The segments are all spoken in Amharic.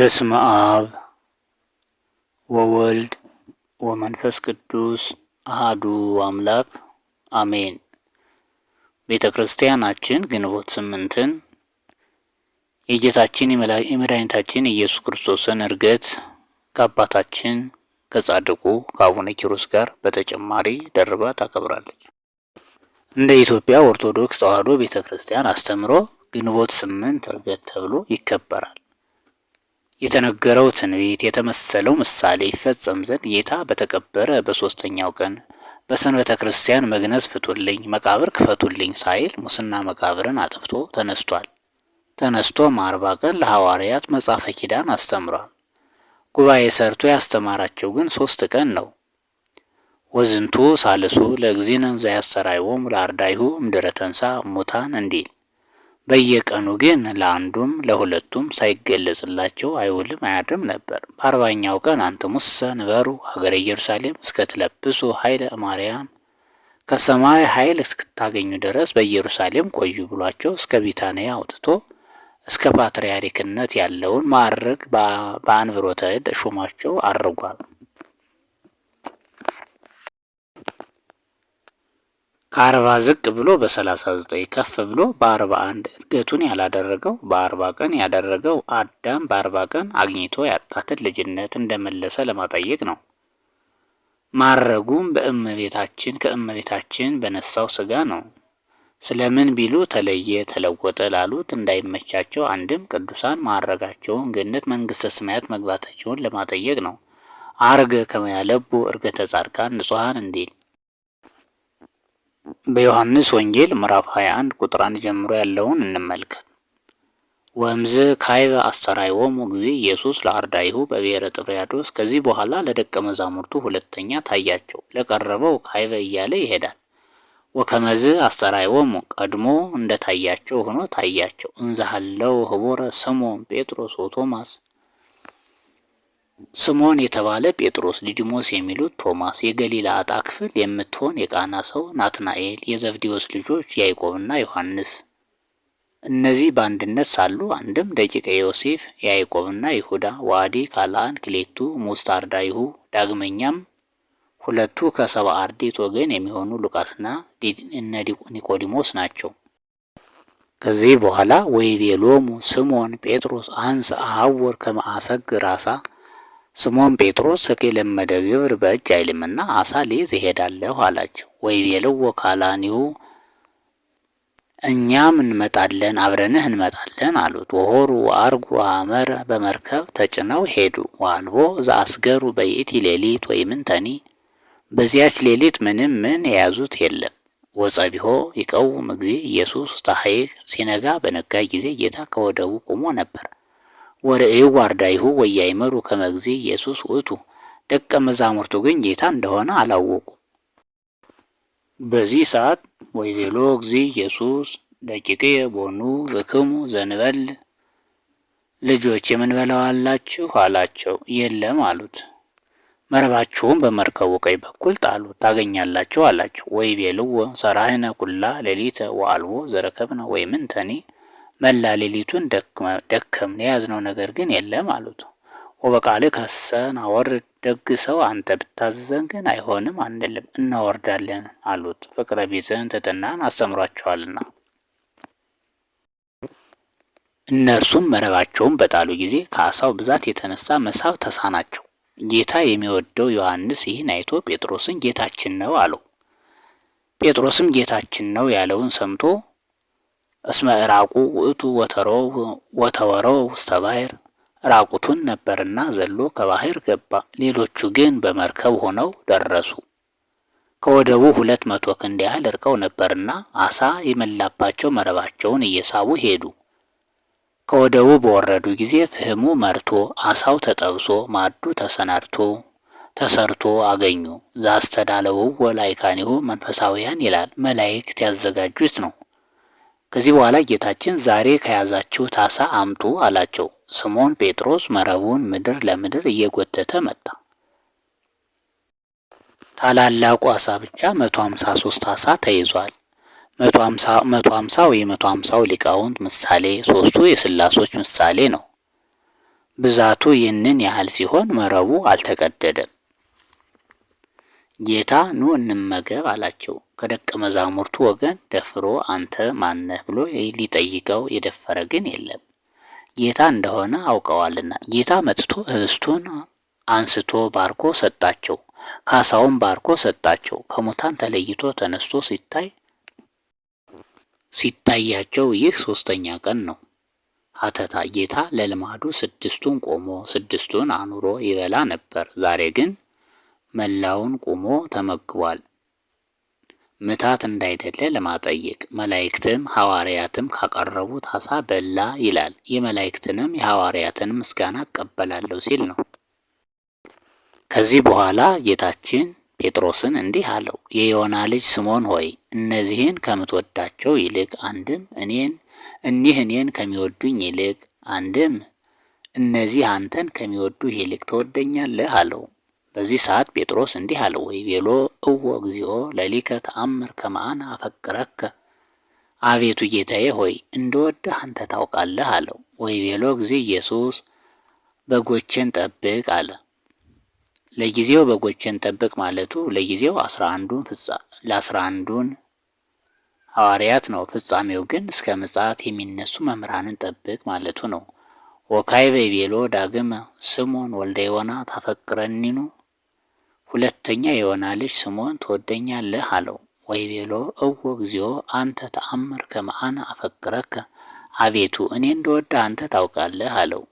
በስመ አብ ወወልድ ወመንፈስ ቅዱስ አሃዱ አምላክ አሜን። ቤተ ክርስቲያናችን ግንቦት ስምንትን የጌታችን የመድኃኒታችን ኢየሱስ ክርስቶስን እርገት ከአባታችን ከጻድቁ ከአቡነ ኪሮስ ጋር በተጨማሪ ደርባ ታከብራለች። እንደ ኢትዮጵያ ኦርቶዶክስ ተዋሕዶ ቤተ ክርስቲያን አስተምሮ ግንቦት ስምንት እርገት ተብሎ ይከበራል። የተነገረው ትንቢት የተመሰለው ምሳሌ ይፈጸም ዘንድ ጌታ በተቀበረ በሶስተኛው ቀን በሰንበተ ክርስቲያን መግነዝ ፍቱልኝ፣ መቃብር ክፈቱልኝ ሳይል ሙስና መቃብርን አጥፍቶ ተነስቷል። ተነስቶም አርባ ቀን ለሐዋርያት መጽሐፈ ኪዳን አስተምሯል። ጉባኤ ሰርቶ ያስተማራቸው ግን ሶስት ቀን ነው። ወዝንቱ ሳልሱ ለእግዚእነ ዘያስተራይዎሙ ለአርዳኢሁ እምድኅረ ተንሥአ እሙታን እንዲል በየቀኑ ግን ለአንዱም ለሁለቱም ሳይገለጽላቸው አይውልም አያድርም ነበር። በአርባኛው ቀን አንትሙሰ ንበሩ ሀገረ ኢየሩሳሌም እስከትለብሱ ኃይለ ማርያም ከሰማይ ኃይል እስክታገኙ ድረስ በኢየሩሳሌም ቆዩ ብሏቸው እስከ ቢታንያ አውጥቶ እስከ ፓትርያርክነት ያለውን ማዕረግ በአንብሮተ እድ አድርጓል። ከአርባ ዝቅ ብሎ በሰላሳ ዘጠኝ ከፍ ብሎ በአርባ አንድ እድገቱን ያላደረገው በአርባ ቀን ያደረገው አዳም በአርባ ቀን አግኝቶ ያጣትን ልጅነት እንደመለሰ ለማጠየቅ ነው። ማረጉም በእመቤታችን ከእመቤታችን በነሳው ስጋ ነው። ስለምን ቢሉ ተለየ፣ ተለወጠ ላሉት እንዳይመቻቸው አንድም ቅዱሳን ማረጋቸውን ገነት መንግስተ ሰማያት መግባታቸውን ለማጠየቅ ነው። አርገ ከመያለቡ እርገተ ጻድቃን ንጹሐን እንዲል በዮሐንስ ወንጌል ምዕራፍ 21 ቁጥር 1 ጀምሮ ያለውን እንመልከት። ወምዝ ካይበ አስተራይዎሙ ጊዜ ኢየሱስ ለአርዳይሁ በብሔረ ጥብርያዶስ። ከዚህ በኋላ ለደቀ መዛሙርቱ ሁለተኛ ታያቸው። ለቀረበው ካይበ እያለ ይሄዳል። ወከመዝ አስተራይዎሙ ቀድሞ እንደታያቸው ሆኖ ታያቸው። እንዘሃለው ህቦረ ስምዖን ጴጥሮስ ወቶማስ ስምዖን የተባለ ጴጥሮስ፣ ዲዲሞስ የሚሉት ቶማስ፣ የገሊላ ዕጣ ክፍል የምትሆን የቃና ሰው ናትናኤል፣ የዘብዴዎስ ልጆች ያዕቆብና ዮሐንስ። እነዚህ በአንድነት ሳሉ አንድም ደቂቀ ዮሴፍ ያዕቆብና ይሁዳ ዋዲ ካልአን ክሌቱ ሙስታርዳይሁ ዳግመኛም ሁለቱ ከሰባ አርዴት ወገን የሚሆኑ ሉቃስና እነ ኒቆዲሞስ ናቸው። ከዚህ በኋላ ወይቤሎሙ ስምዖን ጴጥሮስ አንስ አሐወር ከመአሰግ ራሳ ስምዖን ጴጥሮስ የለመደ ግብር በእጅ አይልምና አሳ ልይዝ እሄዳለሁ አላቸው። ወይቤልዎ ካላኒሁ እኛም እንመጣለን አብረንህ እንመጣለን አሉት። ወሆሩ አርጉ አመረ በመርከብ ተጭነው ሄዱ። ዋልቦ ዘአስገሩ በይእቲ ሌሊት ወይምንተኒ በዚያች ሌሊት ምንም ምን የያዙት የለም። ወጸቢሆ ይቀውም እግዚእ ኢየሱስ ፀሐይ ሲነጋ በነጋ ጊዜ ጌታ ከወደቡ ቆሞ ነበር። ወርእዩ ዋርዳይሁ ወያይመሩ ከመግዜ ኢየሱስ ውእቱ። ደቀ መዛሙርቱ ግን ጌታ እንደሆነ አላወቁም። በዚህ ሰዓት ቤሎ እግዚ ኢየሱስ ደቂቅየ ቦኑ ብክሙ ዘንበል፣ ልጆች አላችሁ አላቸው። የለም አሉት። መረባችሁም በመርከቡ ቀኝ በኩል ጣሉ ታገኛላችሁ አላቸው። ወይቤልዎ ሰራህነ ኩላ ሌሊተ ወአልቦ ዘረከብነ ወይምንተኒ መላ ሌሊቱን ደከምን፣ የያዝነው ነገር ግን የለም አሉት። ወበቃል ከሰን አወር ደግ ሰው አንተ ብታዘዘን ግን አይሆንም አንልም እናወርዳለን አሉት። ፍቅረ ቢጽን ትሕትናን አስተምሯቸዋልና። እነርሱም መረባቸውን በጣሉ ጊዜ ከአሳው ብዛት የተነሳ መሳብ ተሳናቸው። ጌታ የሚወደው ዮሐንስ ይህን አይቶ ጴጥሮስን ጌታችን ነው አለው። ጴጥሮስም ጌታችን ነው ያለውን ሰምቶ እስመ ራቁ ውእቱ ወተወረው ውስተ ባሕር፣ ራቁቱን ነበርና ዘሎ ከባህር ገባ። ሌሎቹ ግን በመርከብ ሆነው ደረሱ። ከወደቡ ሁለት መቶ ክንድ ያህል እርቀው ነበርና አሳ የመላባቸው መረባቸውን እየሳቡ ሄዱ። ከወደቡ በወረዱ ጊዜ ፍህሙ መርቶ አሳው ተጠብሶ ማዱ ተሰናድቶ ተሰርቶ አገኙ። ዛስተዳለውዎ ላዕካኒሁ መንፈሳውያን ይላል። መላእክት ያዘጋጁት ነው። ከዚህ በኋላ ጌታችን ዛሬ ከያዛችሁት አሳ አምጡ አላቸው። ስምዖን ጴጥሮስ መረቡን ምድር ለምድር እየጎተተ መጣ። ታላላቁ አሳ ብቻ መቶ ሀምሳ ሶስት አሳ ተይዟል። መቶ ወይ የመቶ ሀምሳው ሊቃውንት ምሳሌ፣ ሶስቱ የስላሶች ምሳሌ ነው። ብዛቱ ይህንን ያህል ሲሆን መረቡ አልተቀደደም። ጌታ ኑ እንመገብ አላቸው። ከደቀ መዛሙርቱ ወገን ደፍሮ አንተ ማነህ ብሎ ሊጠይቀው የደፈረ ግን የለም፣ ጌታ እንደሆነ አውቀዋልና። ጌታ መጥቶ ህብስቱን አንስቶ ባርኮ ሰጣቸው፣ ካሳውን ባርኮ ሰጣቸው። ከሙታን ተለይቶ ተነስቶ ሲታይ ሲታያቸው ይህ ሶስተኛ ቀን ነው። ሀተታ ጌታ ለልማዱ ስድስቱን ቆሞ ስድስቱን አኑሮ ይበላ ነበር። ዛሬ ግን መላውን ቁሞ ተመግቧል። ምታት እንዳይደለ ለማጠየቅ መላእክትም ሐዋርያትም ካቀረቡት አሳ በላ ይላል። የመላእክትንም የሐዋርያትን ምስጋና እቀበላለሁ ሲል ነው። ከዚህ በኋላ ጌታችን ጴጥሮስን እንዲህ አለው፣ የዮና ልጅ ስምዖን ሆይ እነዚህን ከምትወዳቸው ይልቅ አንድም እኔን እኒህ እኔን ከሚወዱኝ ይልቅ አንድም እነዚህ አንተን ከሚወዱህ ይልቅ ትወደኛለህ አለው። በዚህ ሰዓት ጴጥሮስ እንዲህ አለው፣ ቤሎ እወ እግዚኦ ለሊከ ተአምር ከማአነ አፈቅረከ አቤቱ ጌታዬ ሆይ እንደወደህ አንተ ታውቃለህ አለው። ወይ ቤሎ ጊዜ ኢየሱስ በጎቼን ጠብቅ አለ። ለጊዜው በጎቼን ጠብቅ ማለቱ ለጊዜው አስራ አንዱን ፍጻ ለአስራ አንዱን ሐዋርያት ነው። ፍጻሜው ግን እስከ ምጽአት የሚነሱ መምህራንን ጠብቅ ማለቱ ነው። ወካዕበ ቤሎ ዳግመ ስሞን ወልደ ዮና ታፈቅረኒኑ ሁለተኛ የዮና ልጅ ስምዖን ትወደኛለህ አለው። ወይቤሎ እዎ እግዚኦ አንተ ተአምር ከመአነ አፈቅረከ፣ አቤቱ እኔ እንደወደ አንተ ታውቃለህ አለው።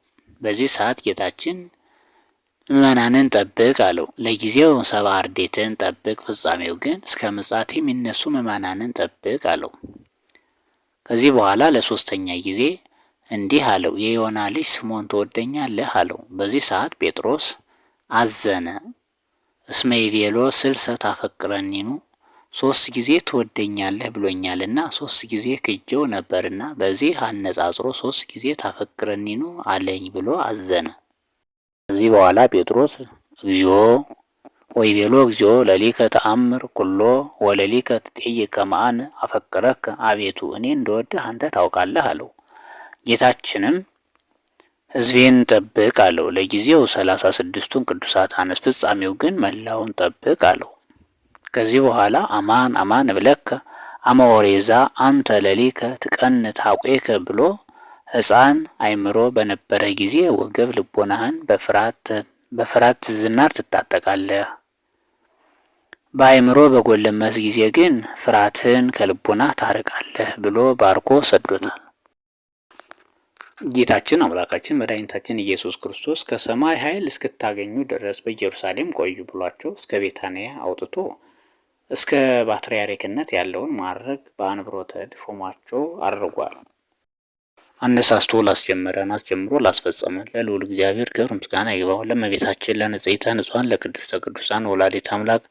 በዚህ ሰዓት ጌታችን ምዕመናንን ጠብቅ አለው። ለጊዜው ሰባ አርዴትን ጠብቅ፣ ፍጻሜው ግን እስከ ምጽአት የሚነሱ ምዕመናንን ጠብቅ አለው። ከዚህ በኋላ ለሶስተኛ ጊዜ እንዲህ አለው፣ የዮና ልጅ ስምዖን ትወደኛለህ አለው። በዚህ ሰዓት ጴጥሮስ አዘነ። እስመይ ቤሎ ስልሰ ታፈቅረኒኑ ሶስት ጊዜ ትወደኛለህ ብሎኛልና ሶስት ጊዜ ክጀው ነበርና በዚህ አነጻጽሮ ሶስት ጊዜ ታፈቅረኒኑ አለኝ ብሎ አዘነ። ከዚህ በኋላ ጴጥሮስ እግዚኦ ወይቤሎ እግዚኦ ለሊከ ተአምር ኩሎ ወለሊከ ትጠይቀ መአን አፈቅረከ፣ አቤቱ እኔ እንደወድህ አንተ ታውቃለህ አለው። ጌታችንም ሕዝቤን ጠብቅ አለው። ለጊዜው ሰላሳ ስድስቱን ቅዱሳት አነስ፣ ፍጻሜው ግን መላውን ጠብቅ አለው። ከዚህ በኋላ አማን አማን እብለከ አመወሬዛ አንተ ለሊከ ትቀንት ሐቆከ ብሎ ሕፃን አይምሮ በነበረ ጊዜ ወገብ ልቦናህን በፍርሃት ዝናር ትታጠቃለህ። በአይምሮ በጎለመስ ጊዜ ግን ፍርሃትን ከልቦና ታርቃለህ ብሎ ባርኮ ሰዶታል። ጌታችን አምላካችን መድኃኒታችን ኢየሱስ ክርስቶስ ከሰማይ ኃይል እስክታገኙ ድረስ በኢየሩሳሌም ቆዩ ብሏቸው እስከ ቤታንያ አውጥቶ እስከ ፓትርያርክነት ያለውን ማድረግ በአንብሮተ ሾማቸው አድርጓል። አነሳስቶ ላስጀመረን አስጀምሮ ላስፈጸመን ለልዑል እግዚአብሔር ክብር ምስጋና ይግባው። ለእመቤታችን ለንጽሕተ ንጹሐን ለቅድስተ ቅዱሳን ወላዲተ አምላክ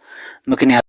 ምክንያት